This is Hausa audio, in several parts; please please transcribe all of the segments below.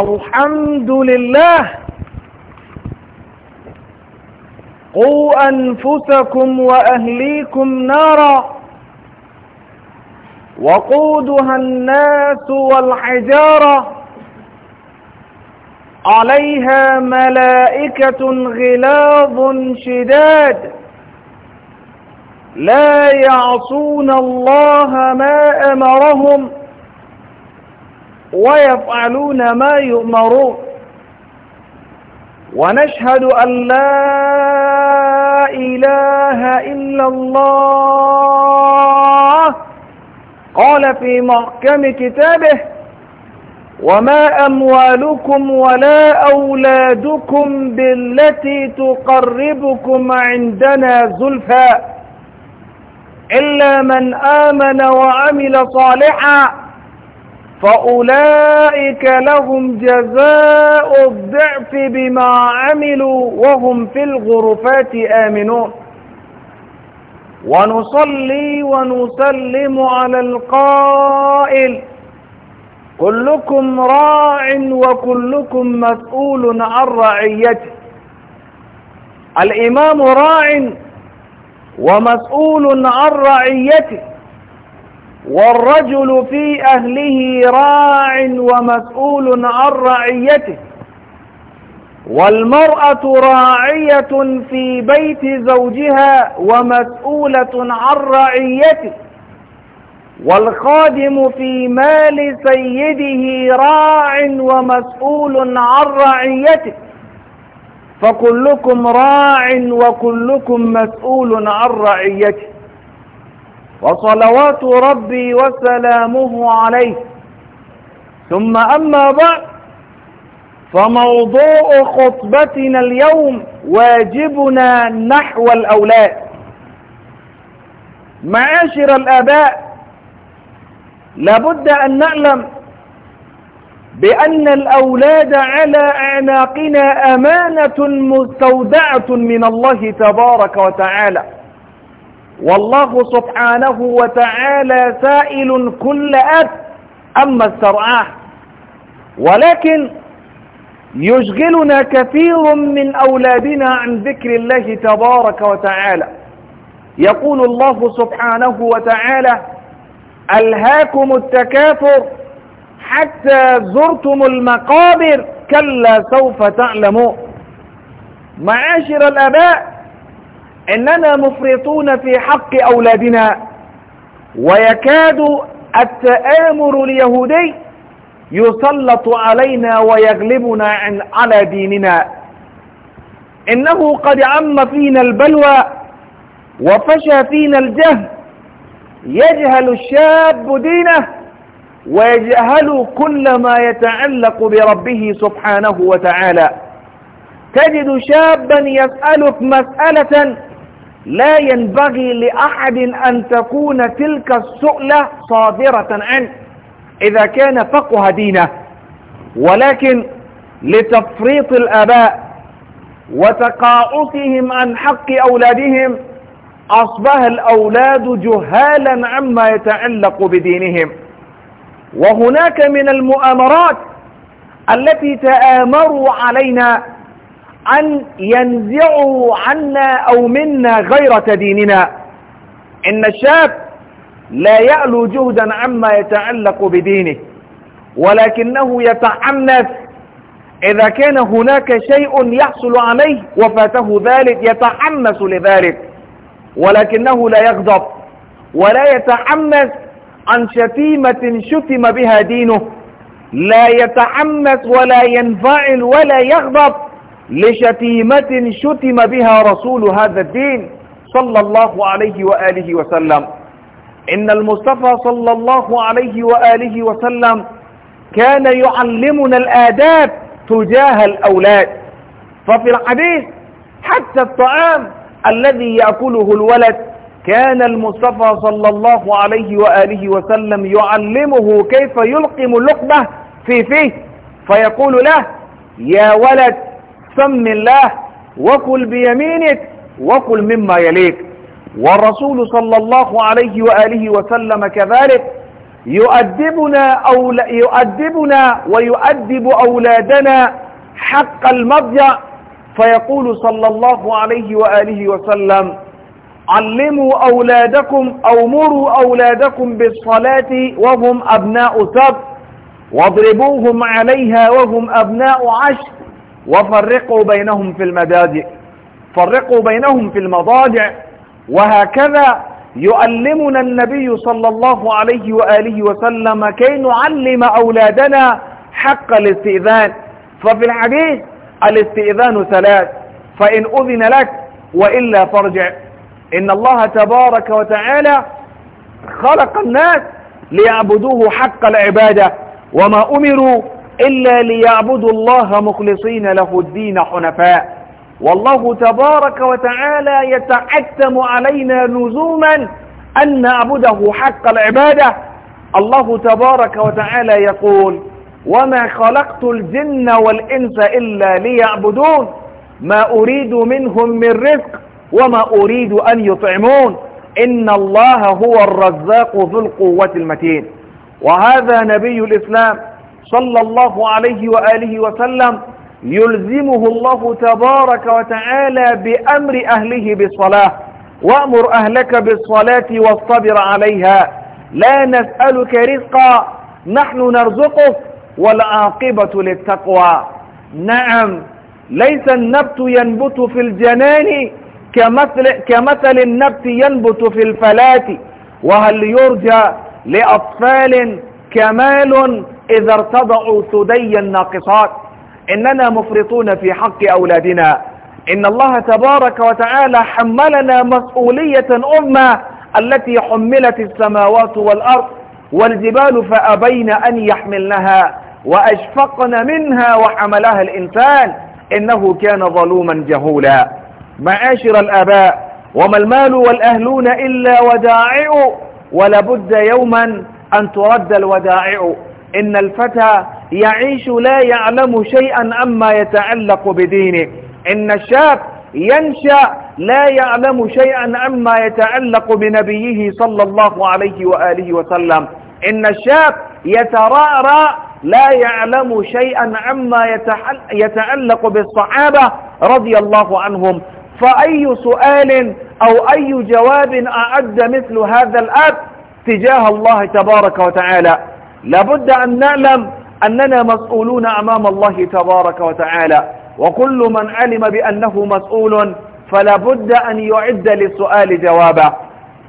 الحمد لله قوا أنفسكم وأهليكم نارا وقودها الناس والحجارة عليها ملائكة غلاظ شداد لا يعصون الله ما أمرهم ويفعلون ما يؤمرون ونشهد أن لا إله إلا الله قال في محكم كتابه وما أموالكم ولا أولادكم بالتي تقربكم عندنا زلفى إلا من آمن وعمل صالحا فأولئك لهم جزاء الضعف بما عملوا وهم في الغرفات آمنون ونصلي ونسلم على القائل كلكم راع وكلكم مسؤول عن رعيته الإمام راع ومسؤول عن رعيته والرجل في أهله راع ومسؤول عن رعيته والمرأة راعية في بيت زوجها ومسؤولة عن رعيته والخادم في مال سيده راع ومسؤول عن رعيته فكلكم راع وكلكم مسؤول عن رعيته وصلوات ربي وسلامه عليه ثم أما بعد فموضوع خطبتنا اليوم واجبنا نحو الأولاد معاشر الآباء لابد أن نعلم بأن الأولاد على أعناقنا أمانة مستودعة من الله تبارك وتعالى والله سبحانه وتعالى سائل كل أب أما السرعاح ولكن يشغلنا كثير من أولادنا عن ذكر الله تبارك وتعالى يقول الله سبحانه وتعالى ألهاكم التكاثر حتى زرتم المقابر كلا سوف تعلمون معاشر الأباء إننا مفرطون في حق أولادنا ويكاد التآمر اليهودي يسلط علينا ويغلبنا عن على ديننا إنه قد عم فينا البلوى وفشى فينا الجهل يجهل الشاب دينه ويجهل كل ما يتعلق بربه سبحانه وتعالى تجد شابا يسألك مسألة لا ينبغي لأحد أن تكون تلك السؤلة صادرة عنه إذا كان فقه دينه ولكن لتفريط الآباء وتقاعسهم عن حق أولادهم أصبح الأولاد جهالا عما يتعلق بدينهم وهناك من المؤامرات التي تآمروا علينا أن ينزعوا عنا أو منا غيرة ديننا إن الشاب لا يألو جهدا عما يتعلق بدينه ولكنه يتعنت إذا كان هناك شيء يحصل عليه وفاته ذلك يتحمس لذلك ولكنه لا يغضب ولا يتحمس عن شتيمة شتم بها دينه لا يتحمس ولا ينفعل ولا يغضب لشتيمة شتم بها رسول هذا الدين صلى الله عليه وآله وسلم إن المصطفى صلى الله عليه وآله وسلم كان يعلمنا الآداب تجاه الأولاد ففي الحديث حتى الطعام الذي يأكله الولد كان المصطفى صلى الله عليه وآله وسلم يعلمه كيف يلقم لقمة في فيه فيقول له يا ولد سم الله وكل بيمينك وكل مما يليك والرسول صلى الله عليه وآله وسلم كذلك يؤدبنا, أول يؤدبنا ويؤدب أولادنا حق المضجع فيقول صلى الله عليه وآله وسلم علموا أولادكم أو مروا أولادكم بالصلاة وهم أبناء سبع واضربوهم عليها وهم أبناء عشر وفرقوا بينهم في المدادئ فرقوا بينهم في المضاجع وهكذا يؤلمنا النبي صلى الله عليه وآله وسلم كي نعلم أولادنا حق الاستئذان ففي الحديث الاستئذان ثلاث فإن أذن لك وإلا فارجع إن الله تبارك وتعالى خلق الناس ليعبدوه حق العبادة وما أمروا إلا ليعبدوا الله مخلصين له الدين حنفاء والله تبارك وتعالى يتعتم علينا لزوما أن نعبده حق العبادة الله تبارك وتعالى يقول وما خلقت الجن والإنس إلا ليعبدون ما أريد منهم من رزق وما أريد أن يطعمون إن الله هو الرزاق ذو القوة المتين وهذا نبي الإسلام صلى الله عليه وآله وسلم يلزمه الله تبارك وتعالى بأمر أهله بالصلاة وأمر أهلك بالصلاة واصطبر عليها لا نسألك رزقا نحن نرزقك والعاقبة للتقوى نعم ليس النبت ينبت في الجنان كمثل, كمثل النبت ينبت في الفلاة وهل يرجى لأطفال كمال إذا ارتضعوا ثدي الناقصات إننا مفرطون في حق أولادنا إن الله تبارك وتعالى حملنا مسؤولية أمة التي حملت السماوات والأرض والجبال فأبين أن يحملنها وأشفقن منها وحملها الإنسان إنه كان ظلوما جهولا معاشر الآباء وما المال والأهلون إلا ودائع ولابد يوما أن ترد الودائع إن الفتى يعيش لا يعلم شيئا عما يتعلق بدينه إن الشاب ينشأ لا يعلم شيئا عما يتعلق بنبيه صلى الله عليه وآله وسلم إن الشاب يترأرى لا يعلم شيئا عما يتعلق بالصحابة رضي الله عنهم فأي سؤال أو أي جواب أعد مثل هذا الأب تجاه الله تبارك وتعالى لابد أن نعلم أننا مسؤولون أمام الله تبارك وتعالى وكل من علم بأنه مسؤول فلا بد أن يعد للسؤال جوابا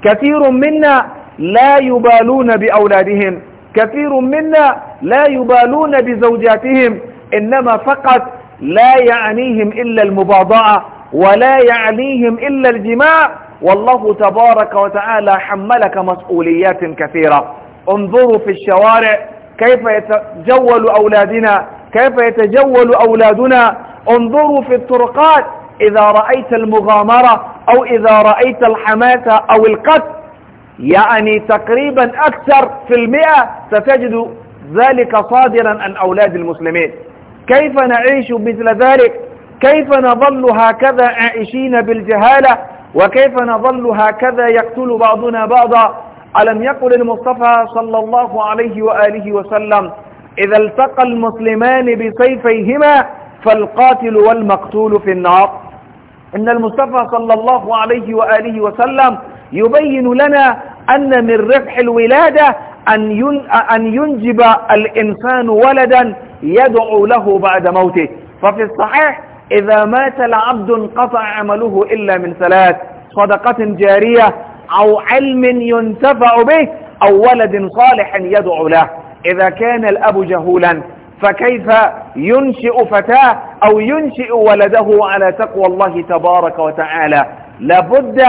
كثير منا لا يبالون بأولادهم كثير منا لا يبالون بزوجاتهم إنما فقط لا يعنيهم إلا المباضعة ولا يعنيهم إلا الجماع والله تبارك وتعالى حملك مسؤوليات كثيرة انظروا في الشوارع كيف يتجول أولادنا كيف يتجول أولادنا انظروا في الطرقات إذا رأيت المغامرة أو إذا رأيت الحماسة أو القتل يعني تقريبا أكثر في المئة ستجد ذلك صادرا عن أولاد المسلمين كيف نعيش مثل ذلك كيف نظل هكذا عائشين بالجهالة وكيف نظل هكذا يقتل بعضنا بعضا ألم يقل المصطفى صلى الله عليه وآله وسلم إذا التقى المسلمان بسيفيهما فالقاتل والمقتول في النار إن المصطفى صلى الله عليه وآله وسلم يبين لنا أن من ربح الولادة أن ينجب الإنسان ولدا يدعو له بعد موته ففي الصحيح إذا مات العبد انقطع عمله إلا من ثلاث صدقة جارية أو علم ينتفع به أو ولد صالح يدعو له إذا كان الأب جهولا فكيف ينشئ فتاه أو ينشئ ولده على تقوى الله تبارك وتعالى لابد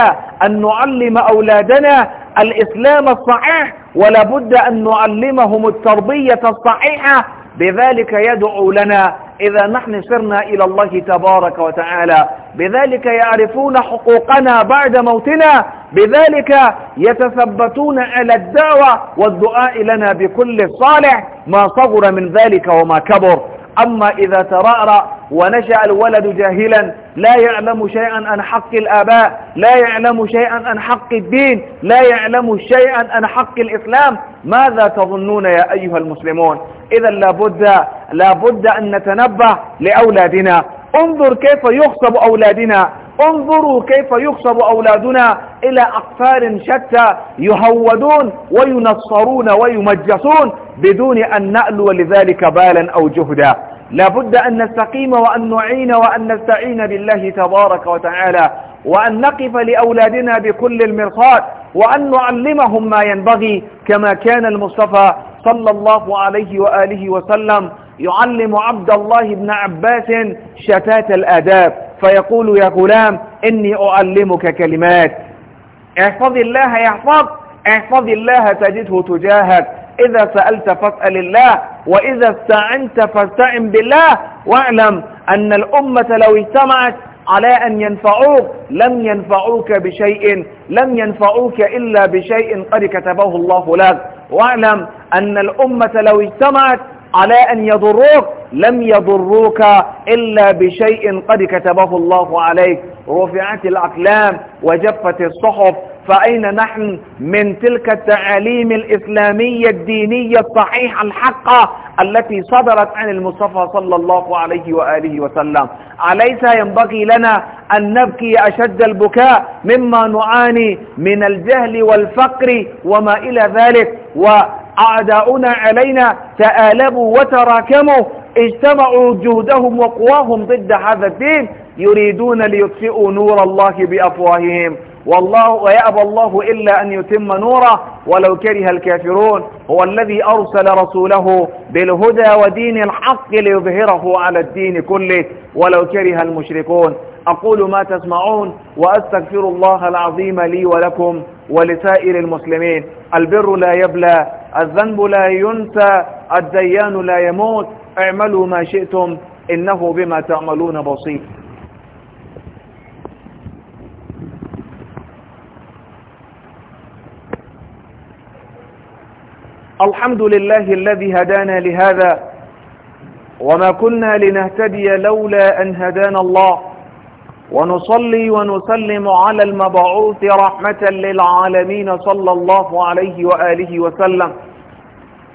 أن نعلم أولادنا الإسلام الصحيح ولابد أن نعلمهم التربية الصحيحة بذلك يدعو لنا إذا نحن سرنا إلى الله تبارك وتعالى بذلك يعرفون حقوقنا بعد موتنا بذلك يتثبتون على الدعوة والدعاء لنا بكل صالح ما صغر من ذلك وما كبر أما إذا ترأرأ ونشأ الولد جاهلا لا يعلم شيئا عن حق الآباء لا يعلم شيئا عن حق الدين لا يعلم شيئا عن حق الإسلام ماذا تظنون يا أيها المسلمون إذا لابد, لابد أن نتنبه لأولادنا انظر كيف يخصب أولادنا انظروا كيف يخصب أولادنا إلى أقفال شتى يهودون وينصرون ويمجسون بدون أن نألو لذلك بالا أو جهدا لابد أن نستقيم وأن نعين وأن نستعين بالله تبارك وتعالى وأن نقف لأولادنا بكل المرصاد وأن نعلمهم ما ينبغي كما كان المصطفى صلى الله عليه وآله وسلم يعلم عبد الله بن عباس شتات الآداب فيقول يا غلام إني أعلمك كلمات احفظ الله يحفظ احفظ الله تجده تجاهك إذا سألت فاسأل الله وإذا استعنت فاستعن بالله واعلم أن الأمة لو اجتمعت على أن ينفعوك لم ينفعوك بشيء لم ينفعوك إلا بشيء قد كتبه الله لك واعلم أن الأمة لو اجتمعت على أن يضروك لم يضروك إلا بشيء قد كتبه الله عليك رفعت الأقلام وجفت الصحف فأين نحن من تلك التعاليم الإسلامية الدينية الصحيحة الحقة التي صدرت عن المصطفى صلى الله عليه وآله وسلم أليس ينبغي لنا أن نبكي أشد البكاء مما نعاني من الجهل والفقر وما إلى ذلك وأعداؤنا علينا تآلبوا وتراكموا اجتمعوا جهدهم وقواهم ضد هذا الدين يريدون ليطفئوا نور الله بأفواههم والله ويأبى الله إلا أن يتم نوره ولو كره الكافرون هو الذي أرسل رسوله بالهدى ودين الحق ليظهره على الدين كله ولو كره المشركون أقول ما تسمعون وأستغفر الله العظيم لي ولكم ولسائر المسلمين البر لا يبلى الذنب لا ينسى الديان لا يموت اعملوا ما شئتم إنه بما تعملون بصير الحمد لله الذي هدانا لهذا وما كنا لنهتدي لولا أن هدانا الله ونصلي ونسلم على المبعوث رحمة للعالمين صلى الله عليه وآله وسلم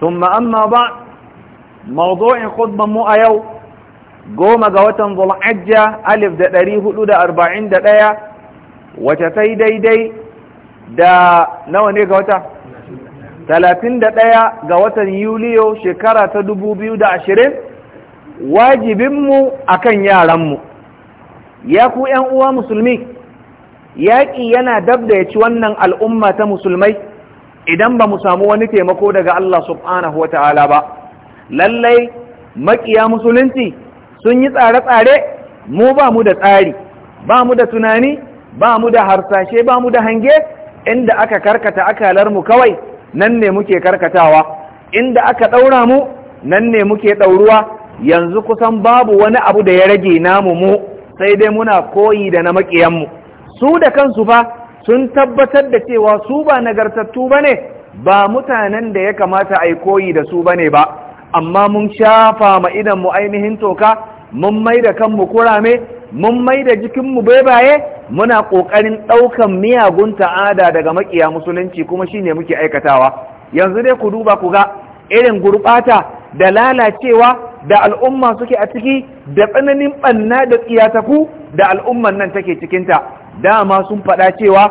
ثم أما بعد mawdu'in khutban mu a yau goma ga watan zulhajja alif da ɗari hudu da arba'in da ɗaya wace sai daidai da nawa ne ga wata talatin da ɗaya ga watan yuliyo shekara ta dubu biyu da ashirin wajibinmu a kan yaranmu ya ku ‘yan uwa musulmi yaƙi yana dab da ya ci wannan al'umma ta musulmai idan ba mu samu wani taimako daga Allah subhanahu wa ta'ala ba lallai makiya musulunci sun yi tsare-tsare mu ba mu da tsari ba mu da tunani ba mu da harsashe ba mu da hange inda aka karkata akalar mu kawai nan ne muke karkatawa inda aka ɗaura mu nan ne muke ɗauruwa yanzu kusan babu wani abu da ya rage namu mu sai dai muna koyi da na maƙiyanmu su da kansu fa sun tabbatar da cewa su ba nagartattu ba ne ba mutanen da ya kamata a yi koyi da su ba ne ba amma mun shafa ma idan mu ainihin toka mun mai da kanmu kurame mun mai da jikinmu bebaye muna ƙoƙarin ɗaukan miyagun ta'ada daga makiya musulunci kuma shine muke aikatawa yanzu dai ku duba ku ga irin gurɓata da lalacewa da al'umma suke a ciki da tsananin ɓanna da tsiyataku da al'umman nan take cikinta dama sun faɗa cewa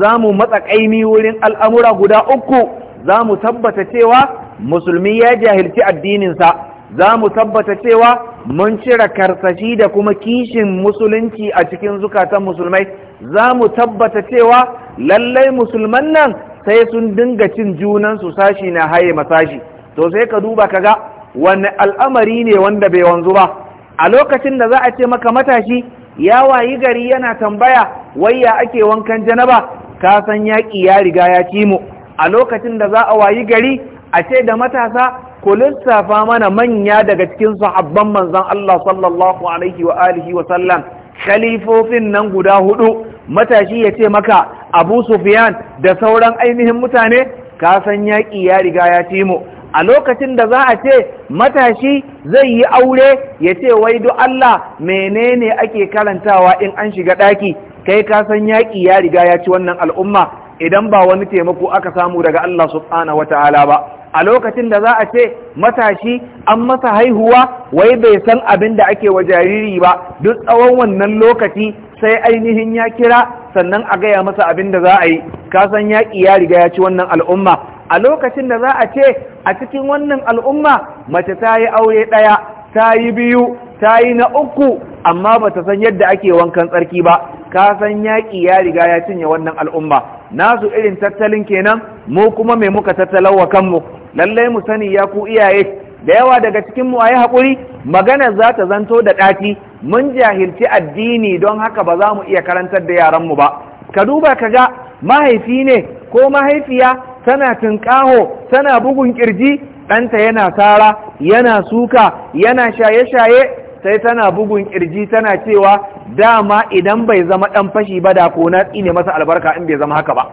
za mu matsa ƙaimi wurin al'amura guda uku za mu tabbata cewa musulmi ya jahilci addininsa za mu tabbata cewa mun cire karsashi da kuma kishin musulunci a cikin zukatan musulmai za mu tabbata cewa lallai musulman nan sai sun dinga cin junan su sashi na haye masashi to sai ka duba kaga wani al'amari ne wanda bai wanzu ba a lokacin da za a ce maka matashi ya wayi gari yana tambaya waya ake wankan janaba ka san yaƙi ya riga ya ci mu a lokacin da za a wayi gari a ce da matasa ku lissafa mana manya daga cikin sahabban manzon Allah sallallahu alaihi wa alihi wa sallam khalifofin nan guda hudu matashi ya ce maka Abu Sufyan da sauran ainihin mutane ka san yaƙi ya riga ya ci mu a lokacin da za a ce matashi zai yi aure ya ce wai duk Allah menene ake karantawa in an shiga ɗaki kai ka san yaƙi ya riga ya ci wannan al'umma idan ba wani taimako aka samu daga Allah subhanahu wata'ala ba a lokacin da za a ce matashi an masa haihuwa wai bai san abin da ake wa jariri ba duk tsawon wannan lokaci sai ainihin ya kira sannan a gaya masa abin da za a yi kasan yaƙi ya riga ya ci wannan al'umma a lokacin da za a ce a cikin wannan al'umma mace ta yi aure ɗaya ta yi biyu ta yi na uku amma ba ta san yadda ake wankan tsarki ba ka san yaƙi ya riga ya cinye wannan al'umma nasu irin tattalin kenan mu kuma me muka wa kanmu lallai mu sani ya ku iyaye da yawa daga cikin mu ayi haƙuri magana za ta zanto da ɗaki? mun jahilci addini don haka ba za mu iya karantar da yaran mu ba ka duba ka ga mahaifi ne ko mahaifiya tana tunƙaho tana bugun ƙirji ɗanta yana sara yana suka yana shaye-shaye sai tana bugun kirji tana cewa dama idan bai zama ɗan fashi ba da kona ne masa albarka in bai zama haka ba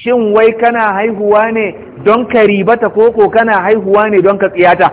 shin wai kana haihuwa ne don ka ribata koko kana haihuwa ne don ka tsiyata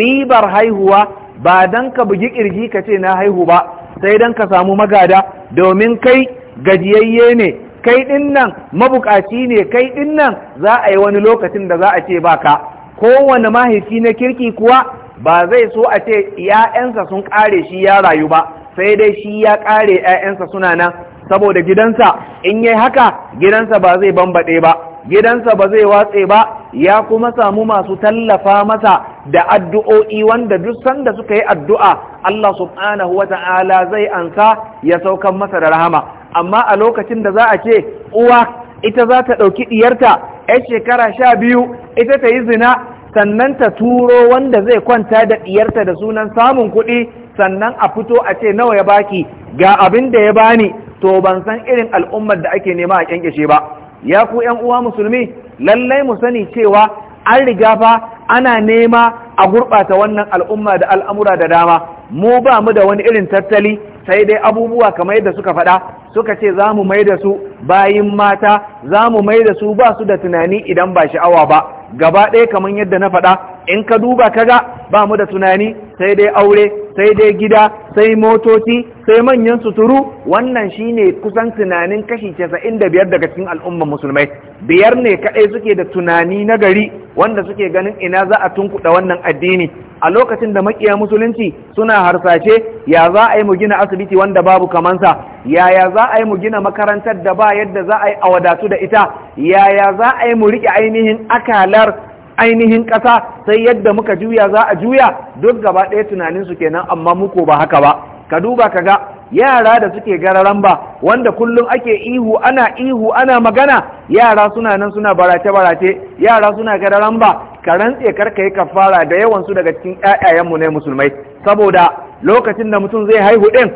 ribar haihuwa ba don ka bugi kirji ka ce na haihu ba sai don ka samu magada domin kai gajiyayye ne kai din nan mabukaci ne kai din nan za a yi wani lokacin da za a ce baka kowane mahaifi na kirki kuwa ba zai so a ce ‘ya'yansa sun ƙare shi ya rayu ba sai dai shi ya ƙare ‘ya'yansa suna nan saboda gidansa in yi haka gidansa ba zai bambaɗe ba gidansa ba zai watse ba ya kuma samu masu tallafa masa da addu'o'i wanda duk sanda suka yi addu'a Allah subhanahu wa ta'ala zai ansa ya saukan masa da rahama amma a lokacin da za a ce uwa ita za ta ɗauki ɗiyarta yar shekara sha biyu ita ta yi zina sannan ta turo wanda zai kwanta da ɗiyarta da sunan samun kuɗi sannan a fito a ce nawa ya baki ga abin da ya bani to ban san irin al'ummar da ake nema a kyankyashe ba ya ku yan uwa musulmi lallai mu sani cewa an riga fa ana nema a gurɓata wannan al'umma da al'amura da dama mu ba mu da wani irin tattali sai dai abubuwa kamar yadda suka faɗa suka ce za mu mai da su bayin mata za mu mai da su ba su da tunani idan ba sha'awa ba gaba ɗaya kamar yadda na faɗa in ka duba kaga ba mu da tunani sai dai aure sai dai gida sai motoci sai manyan suturu wannan shine kusan tunanin kashi casa'in da biyar daga cikin al'ummar musulmai biyar ne kaɗai suke da tunani na gari wanda suke ganin ina za a tunkuɗa wannan addini a lokacin da makiya musulunci suna harsashe ya za a yi mu gina asibiti wanda babu kamansa yaya za a yi mu gina makarantar da ba yadda za a yi a wadatu da ita yaya za a yi mu riƙe ainihin akalar ainihin ƙasa sai yadda muka juya za a juya duk gaba ɗaya tunaninsu kenan amma muko ba haka ba ka duba ka ga yara da suke gararan ba wanda kullum ake ihu ana ihu ana magana yara suna nan suna barace barace yara suna gararan ba ka rantse karka yi kafara da yawan su daga cikin ƴaƴayenmu ne musulmai saboda lokacin da mutum zai haihu din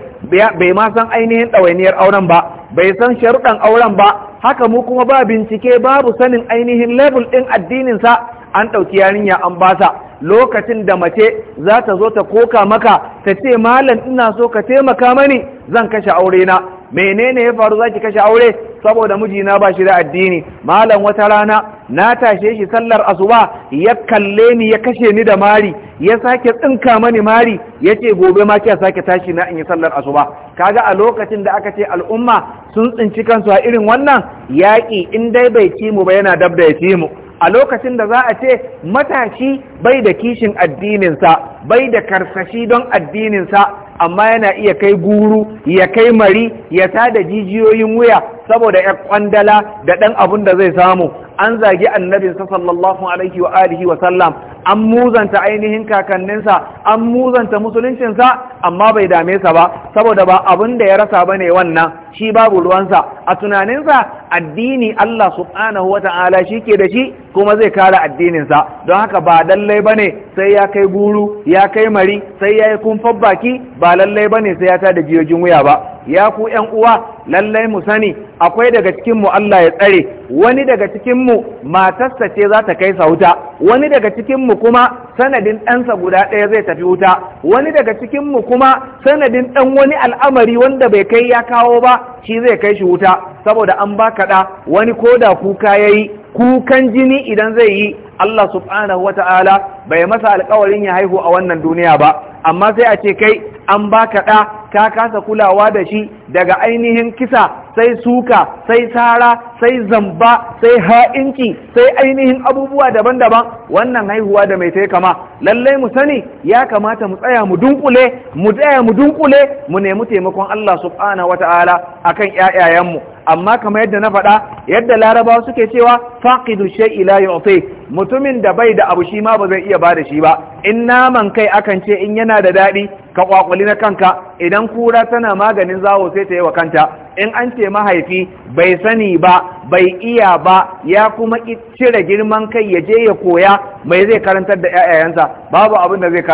bai ma san ainihin ɗawainiyar auren ba bai san sharuɗan auren ba haka mu kuma ba bincike babu sanin ainihin level ɗin addinin sa an ɗauki yarinya an basa lokacin da mace za ta zo ta koka maka ta ce malam ina so ka taimaka mani zan kashe aure na menene ya faru zaki kashe aure saboda mijina ba shi da addini malam wata rana na tashe shi sallar asuba ya kalle ni ya kashe ni da mari ya sake tsinka mani mari ya ce gobe ma kiya sake tashi na in yi sallar asuba kaga a lokacin da aka ce al'umma sun tsinci kansu a irin wannan yaƙi in dai bai ci mu ba yana dab da ya ci mu a lokacin da za a ce matashi bai da kishin addininsa bai da karsashi don addininsa amma yana iya kai guru ya kai mari ya da jijiyoyin wuya saboda ya kwandala da ɗan abun da zai samu an zagi annabinsa sallallahu alaihi wa alihi wa sallam an muzanta ainihin kakanninsa an muzanta musuluncinsa amma bai dame sa ba saboda ba abin da ya rasa ba ne wannan shi babu ruwansa a tunaninsa addini Allah subhanahu wa ta'ala shi ke da shi kuma zai kare addininsa don haka ba lallai ba ne sai ya kai guru ya kai mari sai ya yi kumfar baki ba lallai ba ne sai ya ta da jiyojin wuya ba ya ku 'yan uwa lallai mu sani akwai daga cikinmu Allah ya tsare wani daga cikinmu mu matarsa ce za ta kai sa wuta wani daga cikinmu kuma sanadin ɗansa guda ɗaya zai tafi wuta wani daga cikin mu kuma sanadin ɗan wani al'amari wanda bai kai ya kawo ba shi zai kai shi wuta saboda an ba kaɗa wani da kuka yayi kukan jini idan zai yi Allah subhanahu wata'ala bai masa alƙawarin ya haihu a wannan duniya ba amma sai a ce kai an baka ɗa ka kasa kulawa da shi daga ainihin kisa sai suka sai tsara sai zamba sai ha'inci sai ainihin abubuwa daban-daban wannan haihuwa da mai ta kama lallai mu sani ya kamata mu tsaya mu dunkule mu tsaya mu dunkule mu nemi taimakon Allah subhanahu wata'ala akan ƴaƴayenmu amma kamar yadda na faɗa yadda larabawa suke cewa faqidu shay'i la yu'ti mutumin da bai da abu shi ma ba zai iya bada shi ba in naman kai akan ce in yana da daɗi ka kwakwali na kanka idan kura tana maganin zawo sai ta yi wa kanta in an ce mahaifi bai sani ba bai iya ba ya kuma cire girman kai ya je ya koya mai zai karantar da ƴaƴayensa babu abin da zai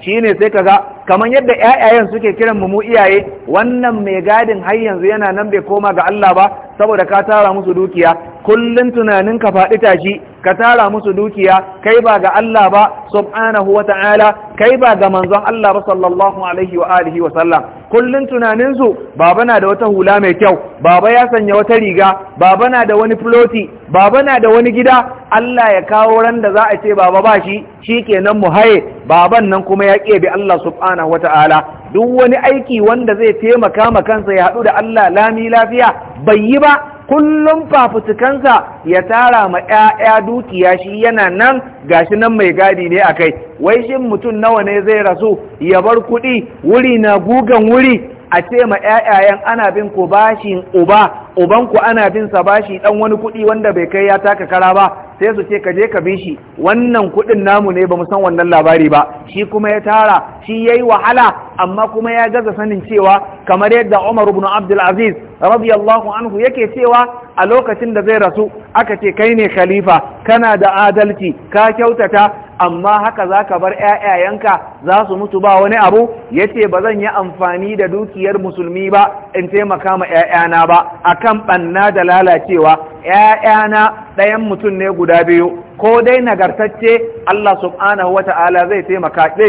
Shi shine sai ka kaga kamar yadda ƴaƴayen suke kiran mu iyaye wannan mai gadin har yanzu yana nan bai koma ga Allah ba saboda ka tara musu dukiya kullum tunanin ka faɗi tashi ka tara musu dukiya kai ba ga Allah ba subhanahu wa ta'ala kai ba ga manzon Allah ba sallallahu alaihi wa alihi wa sallam kullun tunaninsu baba na da wata hula mai kyau baba ya sanya wata riga baba na da wani floti baba na da wani gida Allah ya kawo ran da za a ce baba ba shi shikenan mu haye baban nan kuma ya kebe Allah subhanahu wa ta'ala duk wani aiki wanda zai taimaka ma kansa ya haɗu da Allah lami lafiya bai yi ba kullum fafutukansa ya tara ma 'ya'ya dukiya shi yana nan ga shi nan mai gadi ne a kai wai shi mutum nawa ne zai rasu ya bar kuɗi wuri na gugan wuri a ce ma ƴaƴayen ana bin ku bashin uba ubanku ana bin sa bashi dan wani kuɗi wanda bai kai ya taka kara ba sai su ce ka je ka bi shi wannan kuɗin namu ne ba mu san wannan labari ba shi kuma ya tara shi yayi wahala amma kuma ya gaza sanin cewa kamar yadda Umar ibn Abdul Aziz radiyallahu anhu yake cewa a lokacin da zai rasu aka ce kai ne khalifa kana da adalci ka kyautata amma haka za ka bar ‘ya'yayenka za su mutu ba wani abu ya ce ba zan yi amfani da dukiyar musulmi ba in taimaka ma ‘ya'yana ba a kan ɓanna da lalacewa ‘ya'yana ɗayan mutum ne guda biyu ko dai nagartacce Allah subhanahu wa zai zai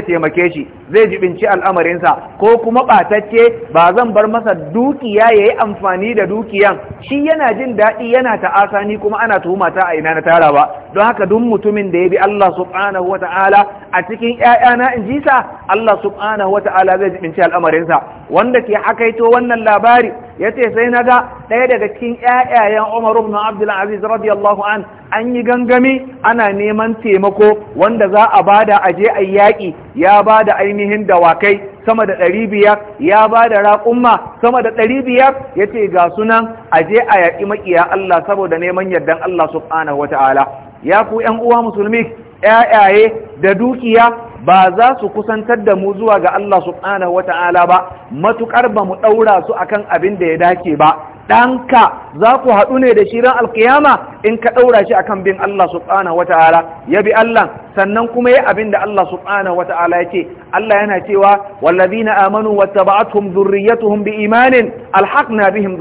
taimake shi zai jibinci al'amarinsa ko kuma ɓatacce ba zan bar masa dukiya yayi amfani da dukiyan shi yana jin daɗi yana ta'asa ni kuma ana tuhuma ta a ina na tara ba don haka duk mutumin da ya bi Allah subhanahu ta'ala a cikin 'ya'yana in ji sa Allah subhanahu ta'ala zai jibinci al'amarinsa wanda ke hakaito wannan labari ya ce sai na ga ɗaya daga cikin 'ya'ya'yan Umar ibn Abdul Aziz radiyallahu an an yi gangami ana neman taimako wanda za a bada a je a yaƙi ya bada ainihin dawakai sama da ɗari biyar ya bada raƙumma sama da ɗari biyar ya ce ga sunan a je a yaƙi maƙiya Allah saboda neman yardan Allah subhanahu wa ta'ala ya ku ‘yan uwa musulmi ‘ya'yaye da dukiya ba za su kusantar da mu zuwa ga Allah subhanahu ta'ala ba matuƙar ba mu ɗaura su akan abin da ya dace ba ɗanka za ku haɗu ne da shi alkiyama in ka ɗaura shi akan bin Allah subhanahu wata'ala ya bi Allah sannan kuma ya abin da Allah subhanahu wata'ala ya ce Allah yana cewa wallazina amanu wattaba'atuhum dhurriyyatuhum biimanin alhaqna bihim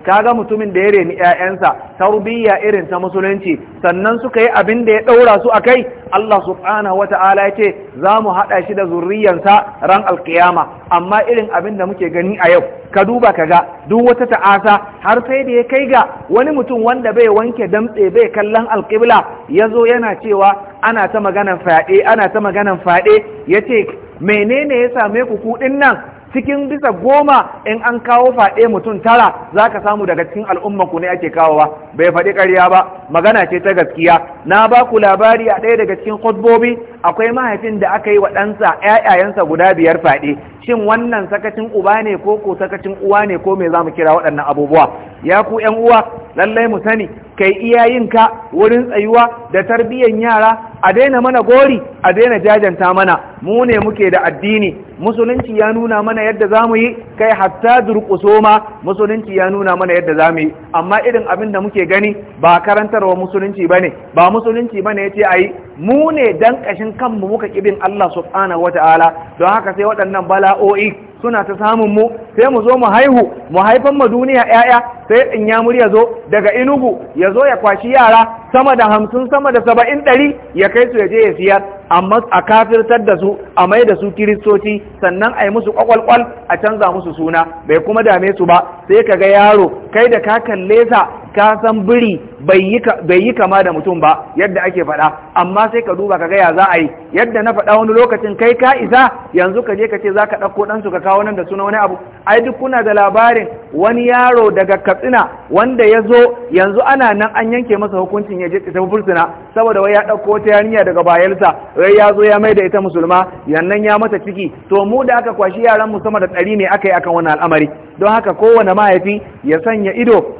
Ka kaga mutumin da ya reni 'ya'yansa tarbiyya irin ta musulunci sannan suka yi abin da ya ɗaura su akai Allah subhanahu wata'ala ya ce za mu haɗa shi da zurriyansa ran alkiyama amma irin abin da muke gani a yau ka duba kaga duk wata ta'asa har sai da ya kai ga wani mutum wanda bai wani wanke damtse bai kallon alƙibla ya zo yana cewa ana ta maganan fyaɗe ana ta maganan fyaɗe ya ce menene ya same ku kuɗin nan cikin bisa goma in an kawo faɗe mutum tara za ka samu daga cikin al'umma ku ne ake kawowa bai faɗi ƙarya ba magana ce ta gaskiya na ba ku labari a ɗaya daga cikin khutbobi akwai mahaifin da aka yi wa ɗansa ƴaƴayensa guda biyar faɗe shin wannan sakacin uba ne ko ko sakacin uwa ne ko me za mu kira waɗannan abubuwa ya ku ƴan uwa lallai mu sani kai iyayinka wurin tsayuwa da tarbiyyar yara a daina mana gori a daina jajanta mana mu ne muke da addini musulunci ya nuna mana yadda za mu yi kai hatta durƙuso ma musulunci ya nuna mana yadda za mu yi amma irin abin da muke gani ba karantarwa musulunci ba ne ba musulunci ba ne ya ce a yi mu ne dan ƙashin kanmu muka ƙibin Allah subhanahu wa ta'ala don haka sai waɗannan bala'o'i suna ta samun mu sai mu zo mu haihu mu haifan mu duniya ƴaƴa sai in ya murya zo daga inugu ya zo ya kwashi yara sama da hamsin sama da saba'in ɗari ya kai su ya je ya siyar amma a kafirtar da su a mai da su kiristoci sannan a yi musu kwakwalkwal a canza musu suna bai kuma dame su ba sai ka ga yaro kai da ka kalle sa ka san biri bai yi kama da mutum ba yadda ake faɗa amma sai ka duba ka gaya za a yi yadda na faɗa wani lokacin kai ka isa yanzu ka je ka ce za ka ɗauko ɗansu ka kawo nan da suna wani abu ai duk kuna da labarin wani yaro daga katsina wanda ya zo yanzu ana nan an yanke masa hukuncin ya je ta fursuna saboda wai ya ɗauko wata yarinya daga bayansa wai ya zo ya mai da ita musulma yannan ya mata ciki to mu da aka kwashi yaran mu sama da ɗari ne aka yi akan wani al'amari don haka kowane mahaifi ya sanya ido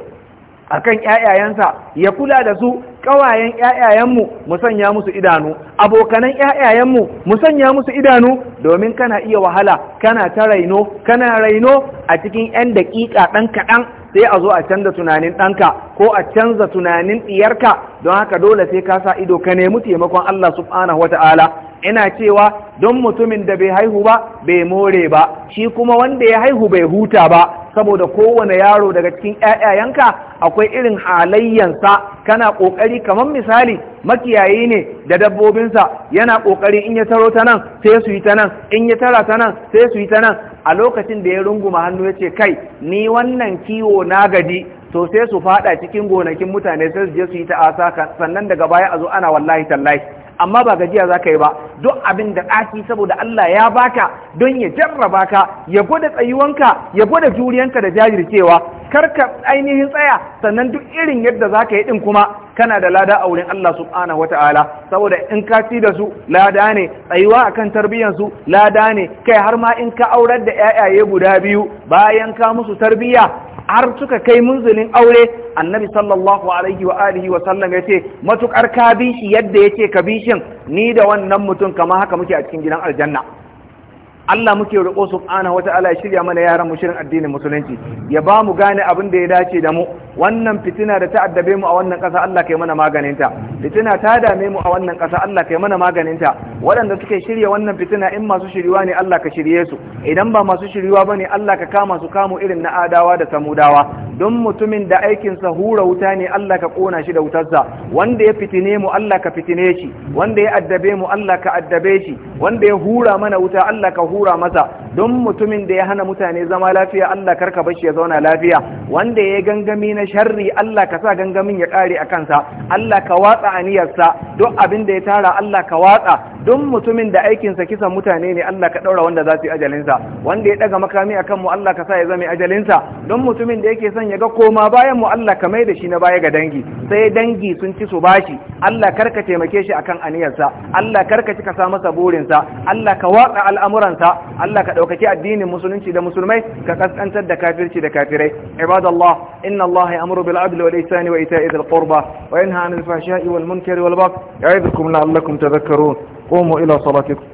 akan ƴaƴayensa ya kula da su ƙawayen ƴaƴayenmu mu sanya musu idanu abokanan ƴaƴayenmu mu sanya musu idanu domin kana iya wahala kana ta raino kana raino a cikin ƴan daƙiƙa ɗan kaɗan sai a zo a canza tunanin ɗanka ko a canza tunanin ɗiyarka don haka dole sai ka sa ido ka nemi taimakon Allah subhanahu wata'ala ina cewa don mutumin da bai haihu ba bai more ba shi kuma wanda ya haihu bai huta ba saboda kowane yaro daga cikin ‘ya’yayenka akwai irin halayyansa kana ƙoƙari kamar misali makiyayi ne da dabbobinsa yana ƙoƙari in ya taro ta nan sai su yi ta nan in ya tara ta nan sai su yi ta nan a lokacin da ya runguma hannu ya ce kai ni wannan kiwo na gadi to sai su faɗa cikin gonakin mutane sai su je su yi ta sannan daga baya a zo ana wallahi tallahi amma ba gajiya za ka yi ba duk abin da ɗaki saboda Allah ya baka don ya jarraba ka ya gwada tsayuwanka ya gwada juriyanka da jajircewa kar ka ainihin tsaya sannan duk irin yadda za ka yi ɗin kuma kana da lada a wurin Allah subhanahu wa ta'ala saboda in ka ci da su lada ne tsayuwa a kan tarbiyyansu lada ne kai har ma in ka aurar da 'ya'yaye guda biyu bayan ka musu tarbiyya har suka kai munzulin aure annabi sallallahu alaihi wa alihi wa sallam yace matukar ka bi shi yadda yace ka bi shin ni da wannan mutum kamar haka muke a cikin gidan aljanna Allah muke roƙo subhanahu wata'ala ya shirya mana yaran mu shirin addinin musulunci ya ba mu gane abin da ya dace da mu wannan fitina da ta addabe mu a wannan ƙasa Allah kai mana maganinta fitina ta dame mu a wannan ƙasa Allah kai mana maganinta waɗanda suke shirya wannan fitina in masu shiryuwa ne Allah ka shirye su idan ba masu shiryuwa bane Allah ka kama su kamu irin na adawa da samudawa don mutumin da aikinsa hura wuta ne Allah ka kona shi da wutarsa wanda ya fitine mu Allah ka fitine shi wanda ya addabe mu Allah ka addabe shi wanda ya hura mana wuta Allah ka hura tura masa don mutumin da ya hana mutane zama lafiya Allah karka bashi ya zauna lafiya wanda ya gangami na sharri Allah ka sa gangamin ya kare a kansa Allah ka watsa aniyarsa duk abin da ya tara Allah ka watsa don mutumin da aikinsa kisan mutane ne Allah ka ɗaura wanda za su yi ajalinsa wanda ya ɗaga makami a kanmu Allah ka sa ya zama ajalinsa don mutumin da yake son ya ga koma bayan mu Allah ka mai da shi na baya ga dangi sai dangi sun ci su bashi Allah karka taimake shi akan aniyarsa Allah karka cika sa masa burinsa Allah ka watsa al'amuransa Allah ka ɗaukaki addinin musulunci da musulmai ka kaskantar da kafirci da kafirai ibadallah inna allaha ya'muru bil adli wal ihsani wa ita'i dhil qurba wa yanha 'anil fahsha'i wal munkari wal baghi ya'idukum la'allakum tadhakkarun qumu ila salatikum